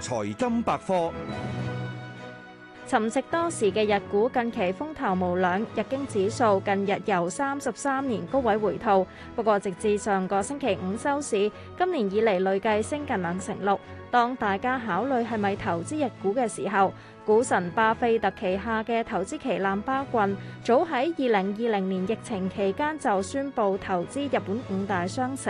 財金百科，沉寂多時嘅日股近期風頭無兩，日經指數近日由三十三年高位回吐，不過直至上個星期五收市，今年以嚟累計升近兩成六。當大家考慮係咪投資日股嘅時候，股神巴菲特旗下嘅投資旗艦巴郡早喺二零二零年疫情期間就宣布投資日本五大商社，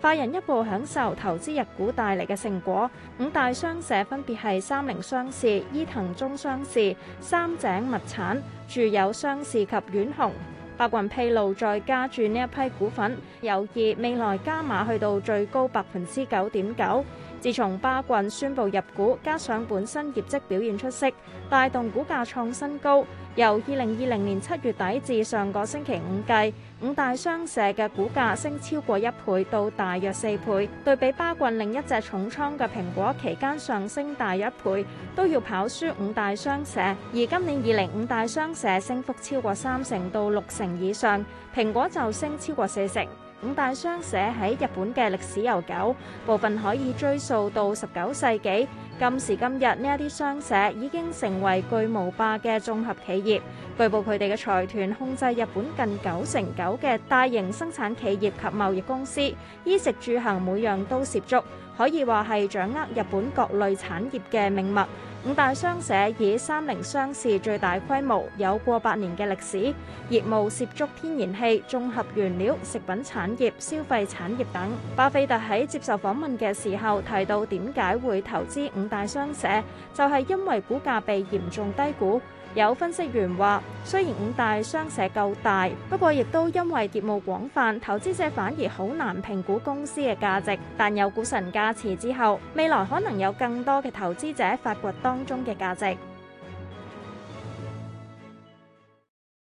快人一步享受投資日股帶嚟嘅成果。五大商社分別係三菱商事、伊藤忠商事、三井物產、住友商事及丸紅。巴郡披露再加注呢一批股份，有意未來加碼去到最高百分之九點九。自從巴郡宣布入股，加上本身業績表現出色，帶動股價創新高。由二零二零年七月底至上個星期五計，五大商社嘅股價升超過一倍，到大約四倍。對比巴郡另一隻重倉嘅蘋果，期間上升大一倍，都要跑輸五大商社。而今年二零五大商社升幅超過三成到六成以上，蘋果就升超過四成。五大商社喺日本嘅歷史悠久，部分可以追溯到十九世紀，今時今日，呢一啲商社已經成為巨無霸嘅綜合企業，據報佢哋嘅財團控制日本近九成九嘅大型生產企業及貿易公司，衣食住行每樣都涉足。可以話係掌握日本各類產業嘅命脈，五大商社以三菱商事最大規模，有過百年嘅歷史，業務涉足天然氣、綜合原料、食品產業、消費產業等。巴菲特喺接受訪問嘅時候提到，點解會投資五大商社，就係因為股價被嚴重低估。有分析員話：雖然五大商社夠大，不過亦都因為業務廣泛，投資者反而好難評估公司嘅價值。但有股神加持之後，未來可能有更多嘅投資者發掘當中嘅價值。